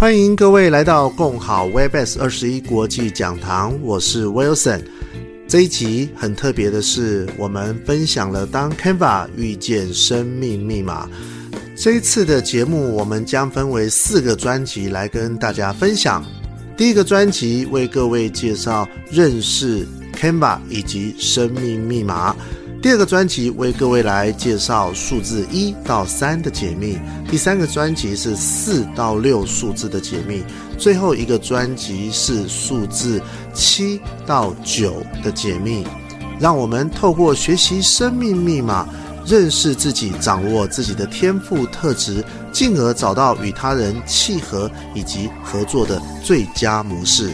歡迎各位來到共好 Webex 21國際講堂，我是 Wilson。這一集很特別的是，我們分享了當 Canva 遇見生命密碼。這一次的節目，我們將分為四個專輯來跟大家分享。第一個專輯為各位介紹認識 Canva 以及生命密碼。第二個專輯為各位來介紹數字一到三的解密，第三個專輯是四到六數字的解密，最後一個專輯是數字七到九的解密。讓我們透過學習生命密碼，認識自己，掌握自己的天賦特質，進而找到與他人契合以及合作的最佳模式。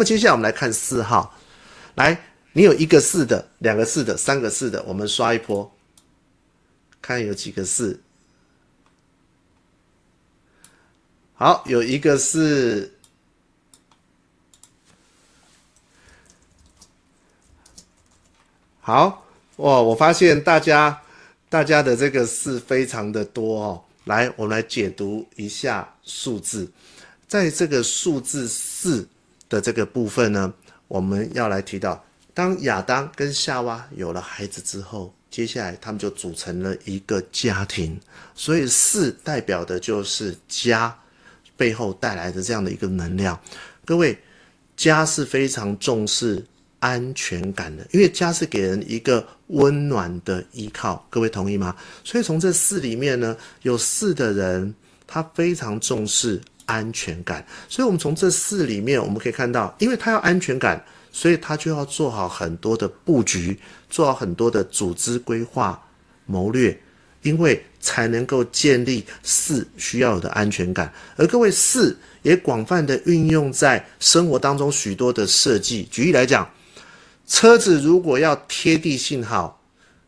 那麼接下來我們來看四號，來，你有一個四的，兩個四的，三個四的，我們刷一波，看有幾個四。好，有一個4。好，哇，我發現大家大家的這個四非常的多哦。來，我們來解讀一下數字，在這個數字四。的這個部分呢，我們要來提到，當亞當跟夏娃有了孩子之後，接下來他們就組成了一個家庭，所以四代表的就是家背後帶來的這樣的一個能量。各位，家是非常重視安全感的，因為家是給人一個溫暖的依靠。各位同意嗎？所以從這四裡面呢，有四的人他非常重視。安全感，所以，我們從這四裡面，我們可以看到，因為他要安全感，所以他就要做好很多的布局，做好很多的組織規劃，謀略，因為才能夠建立四需要有的安全感。而各位四也廣泛的運用在生活當中許多的設計。舉例來講，車子如果要貼地性好，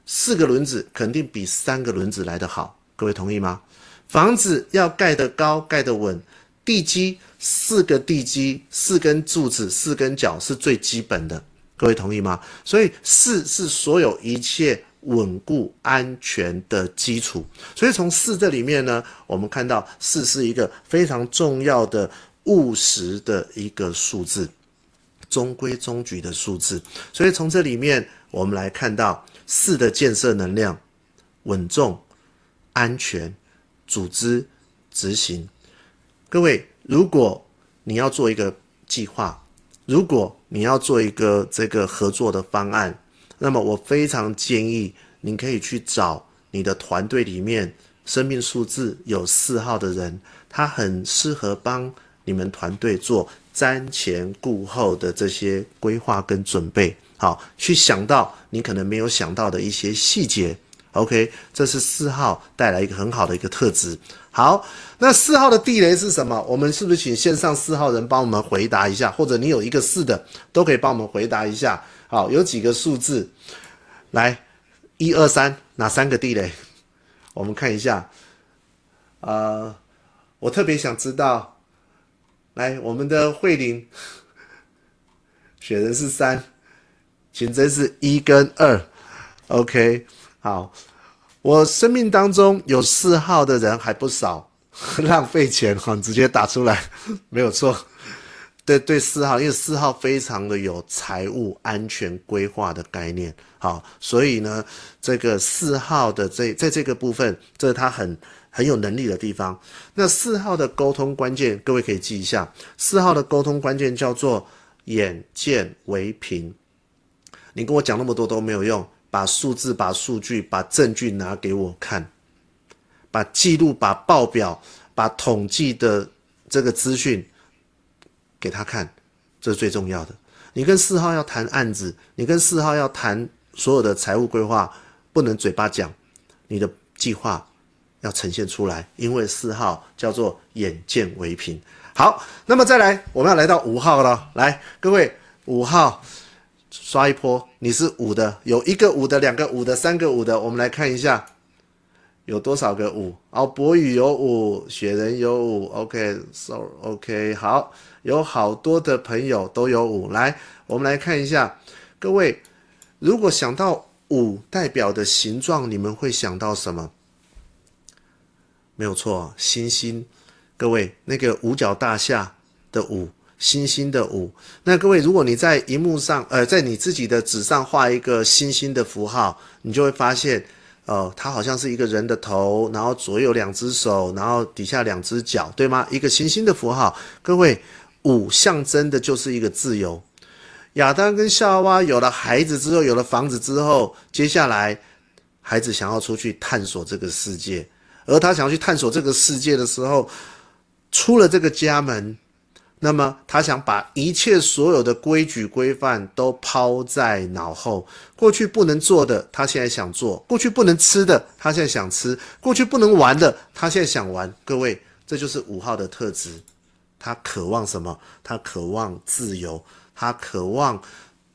四個輪子肯定比三個輪子來得好，各位同意嗎？房子要蓋得高，蓋得穩。地基四個地基四根柱子四根腳是最基本的，各位同意嗎？所以四是所有一切穩固安全的基礎。所以從四這裡面呢，我們看到四是一個非常重要的務實的一個數字，中規中矩的數字。所以從這裡面我們來看到四的建設能量，穩重、安全、組織、執行。各位，如果你要做一個計劃，如果你要做一個這個合作的方案，那麼我非常建議你可以去找你的團隊裡面生命數字有四號的人，他很適合幫你們團隊做瞻前顧後的這些規劃跟準備，好，去想到你可能沒有想到的一些細節。OK，這是四號帶來一個很好的一個特質。好，那四號的地雷是什麼？我們是不是請線上四號人幫我們回答一下？或者你有一個四的，都可以幫我們回答一下。好，有幾個數字？來，一二三，哪三個地雷？我們看一下。呃，我特別想知道，來，我們的慧玲選的是三，選擇是一跟二，OK。好，我生命當中有四號的人還不少，浪費錢哈，直接打出來，沒有錯。對對，四號，因為四號非常的有財務安全規劃的概念，好，所以呢，這個四號的這在這個部分，這是他很很有能力的地方。那四號的溝通關鍵，各位可以記一下，四號的溝通關鍵叫做“眼見為憑”，你跟我講那麼多都沒有用。把數字、把數據、把證據拿給我看，把記錄、把報表、把統計的這個資訊給他看，這是最重要的。你跟四號要談案子，你跟四號要談所有的財務規劃，不能嘴巴講，你的計劃要呈現出來，因為四號叫做眼見為憑。好，那麼再來，我們要來到五號了，來，各位，五號。刷一波，你是五的，有一個五的，兩個五的，三個五的，我們來看一下有多少個五。哦，博宇有五，雪人有五，OK，sorry, OK，好，有好多的朋友都有五。來，我們來看一下，各位，如果想到五代表的形狀，你們會想到什麼？沒有錯，星星，各位，那個五角大廈的五。星星的五，那各位，如果你在熒幕上，呃，在你自己的紙上畫一個星星的符號，你就會發現，呃，它好像是一個人的頭，然後左右兩隻手，然後底下兩隻腳，對嗎？一個星星的符號，各位，五象徵的就是一個自由。亞當跟夏娃有了孩子之後，有了房子之後，接下來孩子想要出去探索這個世界，而他想要去探索這個世界的時候，出了這個家門。那麼他想把一切所有的規矩規範都拋在腦後，過去不能做的他現在想做，過去不能吃的他現在想吃，過去不能玩的他現在想玩。各位，這就是五號的特質，他渴望什麼？他渴望自由，他渴望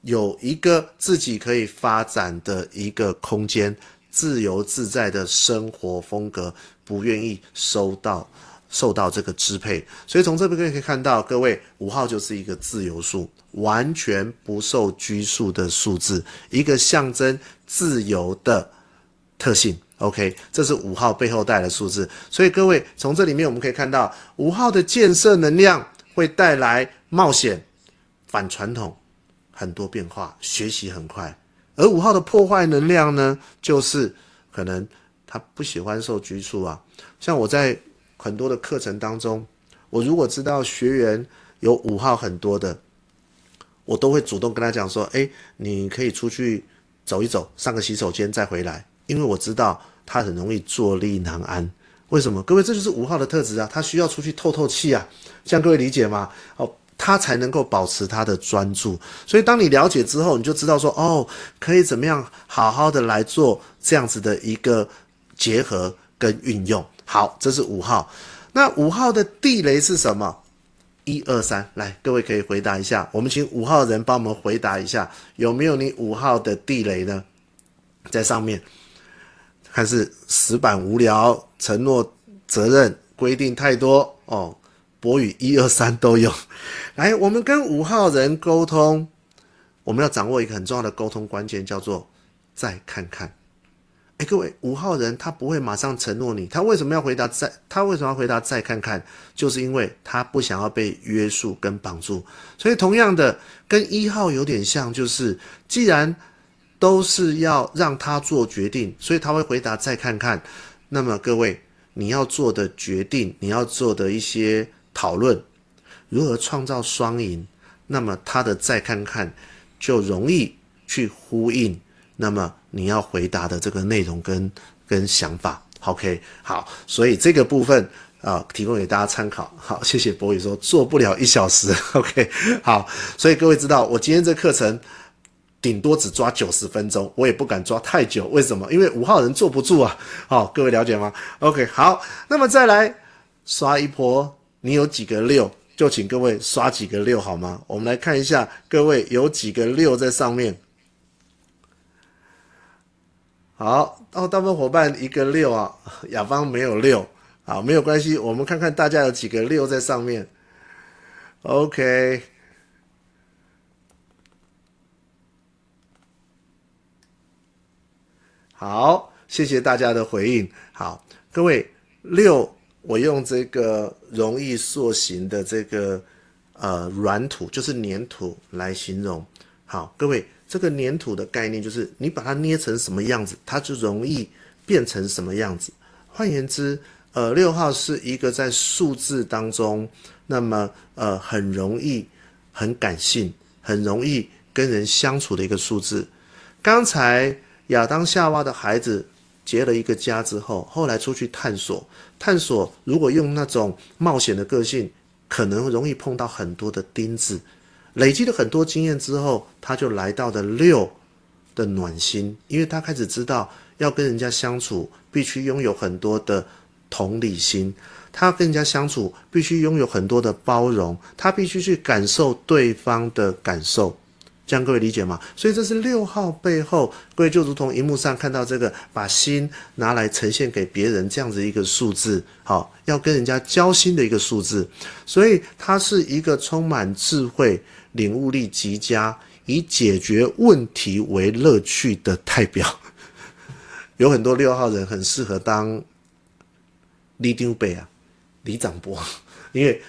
有一個自己可以發展的一個空間，自由自在的生活風格，不願意受到。受到這個支配，所以從這邊可以可以看到，各位五號就是一個自由數，完全不受拘束的數字，一個象徵自由的特性。OK，這是五號背後帶來的數字。所以各位從這裡面我們可以看到，五號的建設能量會帶來冒險、反傳統、很多變化、學習很快；而五號的破壞能量呢，就是可能他不喜歡受拘束啊，像我在。很多的課程當中，我如果知道學員有五號很多的，我都會主動跟他講說，哎，你可以出去走一走，上個洗手間再回來，因為我知道他很容易坐立難安。為什麼？各位，這就是五號的特質啊，他需要出去透透氣啊，這樣各位理解嗎？哦，他才能夠保持他的專注。所以，當你了解之後，你就知道說，哦，可以怎麼樣好好的來做這樣子的一個結合跟運用。好，這是五號。那五號的地雷是什麼？一二三，來，各位可以回答一下。我們請五號人幫我們回答一下，有沒有你五號的地雷呢？在上面，還是死板無聊、承諾、責任、規定太多哦？博宇，一二三都有。來，我們跟五號人溝通，我們要掌握一個很重要的溝通關鍵，叫做再看看。哎，各位，五號人他不會馬上承諾你，他為什麼要回答再，他為什麼要回答再看看？就是因為他不想要被約束跟綁住。所以，同樣的，跟一號有點像，就是既然都是要讓他做決定，所以他會回答再看看。那麼，各位，你要做的決定，你要做的一些討論，如何創造雙贏？那麼他的再看看，就容易去呼應。那麼你要回答的這個內容跟跟想法，OK，好，所以這個部分啊、呃，提供給大家參考。好，謝謝博宇說做不了一小時，OK，好，所以各位知道我今天這課程頂多只抓九十分鐘，我也不敢抓太久，為什麼？因為五號人坐不住啊。好、哦，各位了解嗎？OK，好，那麼再來刷一波，你有幾個六，就請各位刷幾個六好嗎？我們來看一下，各位有幾個六在上面。好，哦，大部分夥伴一個六啊，雅芳沒有六啊，沒有關係，我們看看大家有幾個六在上面。OK，好，謝謝大家的回應。好，各位，六，6，我用這個容易塑形的這個呃軟土，就是粘土來形容。好，各位，這個粘土的概念就是你把它捏成什麼樣子，它就容易變成什麼樣子。換言之，呃，六號是一個在數字當中，那麼呃，很容易、很感性、很容易跟人相處的一個數字。剛才亞當夏娃的孩子結了一個家之後，後來出去探索，探索如果用那種冒險的個性，可能容易碰到很多的釘子。累積了很多經驗之後，他就來到了六的暖心，因為他開始知道要跟人家相處，必須擁有很多的同理心；他跟人家相處，必須擁有很多的包容；他必須去感受對方的感受，這樣各位理解嗎？所以這是六號背後，各位就如同熒幕上看到這個，把心拿來呈現給別人這樣子一個數字，好，要跟人家交心的一個數字。所以他是一個充滿智慧，領悟力極佳，以解決問題為樂趣的代表，有很多六號人很適合當李 e a 啊，里掌波，因為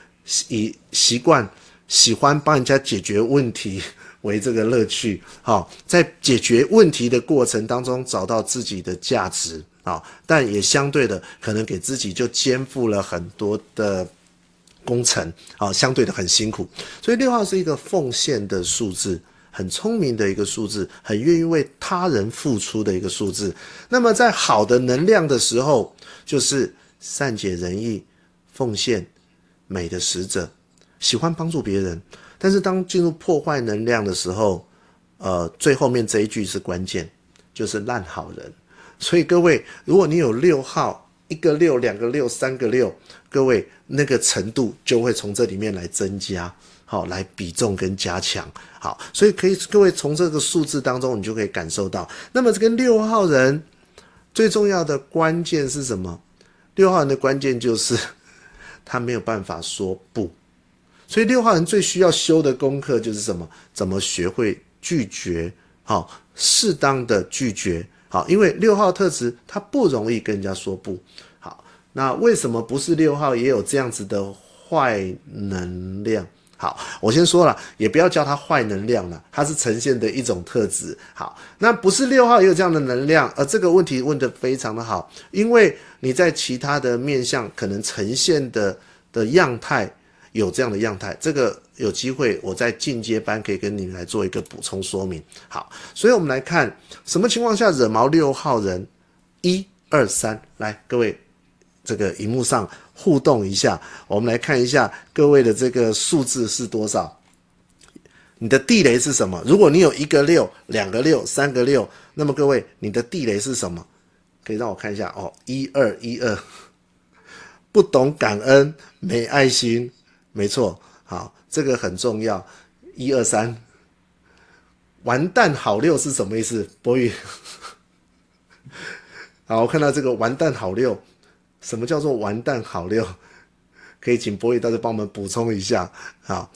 以習慣喜歡幫人家解決問題為這個樂趣，好，在解決問題的過程當中找到自己的價值啊，但也相對的可能給自己就肩負了很多的工程啊、哦，相對的很辛苦，所以六號是一個奉獻的數字，很聰明的一個數字，很願意為他人付出的一個數字。那麼在好的能量的時候，就是善解人意、奉獻、美的使者，喜歡幫助別人。但是當進入破壞能量的時候，呃，最後面這一句是關鍵，就是爛好人。所以各位，如果你有六號，一個六、兩個六、三個六。各位那個程度就會從這裡面來增加，好來比重跟加強。好，所以可以各位從這個數字當中，你就可以感受到。那麼這個六號人最重要的關鍵是什麼？六號人的關鍵就是他沒有辦法說不，所以六號人最需要修的功課就是什麼？怎麼學會拒絕？好，適當的拒絕，好，因為六號特質他不容易跟人家說不。那為什麼不是六號也有這樣子的壞能量？好，我先說了，也不要叫它壞能量了，它是呈現的一種特質。好，那不是六號也有這樣的能量，呃，這個問題問得非常的好，因為你在其他的面向可能呈現的的樣態有這樣的樣態，這個有機會我在進階班可以跟你來做一個補充說明。好，所以我們來看什麼情況下惹毛六號人？一、二、三，來，各位。這個螢幕上互動一下，我們來看一下各位的這個數字是多少？你的地雷是什麼？如果你有一個六、兩個六、三個六，那麼各位，你的地雷是什麼？可以讓我看一下哦。一二一二，不懂感恩，沒愛心，沒錯。好，這個很重要。一二三，完蛋，好六是什麼意思？博宇， 好，我看到這個完蛋好6，好六。什麼叫做完蛋好六？可以請博弈，大家幫我們補充一下啊！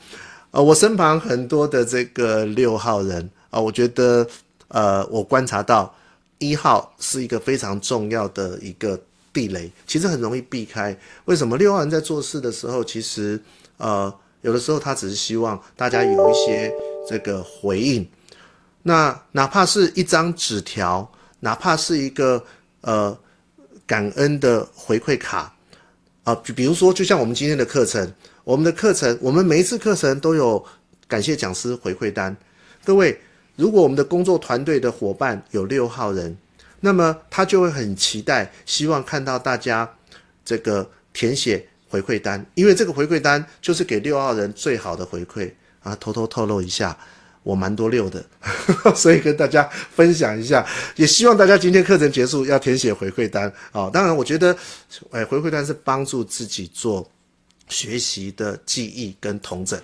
呃，我身旁很多的這個六號人啊，呃，我覺得呃，我觀察到一號是一個非常重要的一個地雷，其實很容易避開。為什麼六號人在做事的時候，其實呃，有的時候他只是希望大家有一些這個回應，那哪怕是一張紙條，哪怕是一個呃。感恩的回饋卡啊，就比如說，就像我們今天的課程，我們的課程，我們每一次課程都有感謝講師回饋單。各位，如果我們的工作團隊的夥伴有六號人，那麼他就會很期待，希望看到大家這個填寫回饋單，因為這個回饋單就是給六號人最好的回饋啊。偷偷透露一下。我蠻多六的呵呵，所以跟大家分享一下，也希望大家今天課程結束要填寫回饋單啊、哦。當然，我覺得，哎，回饋單是幫助自己做學習的記憶跟統整。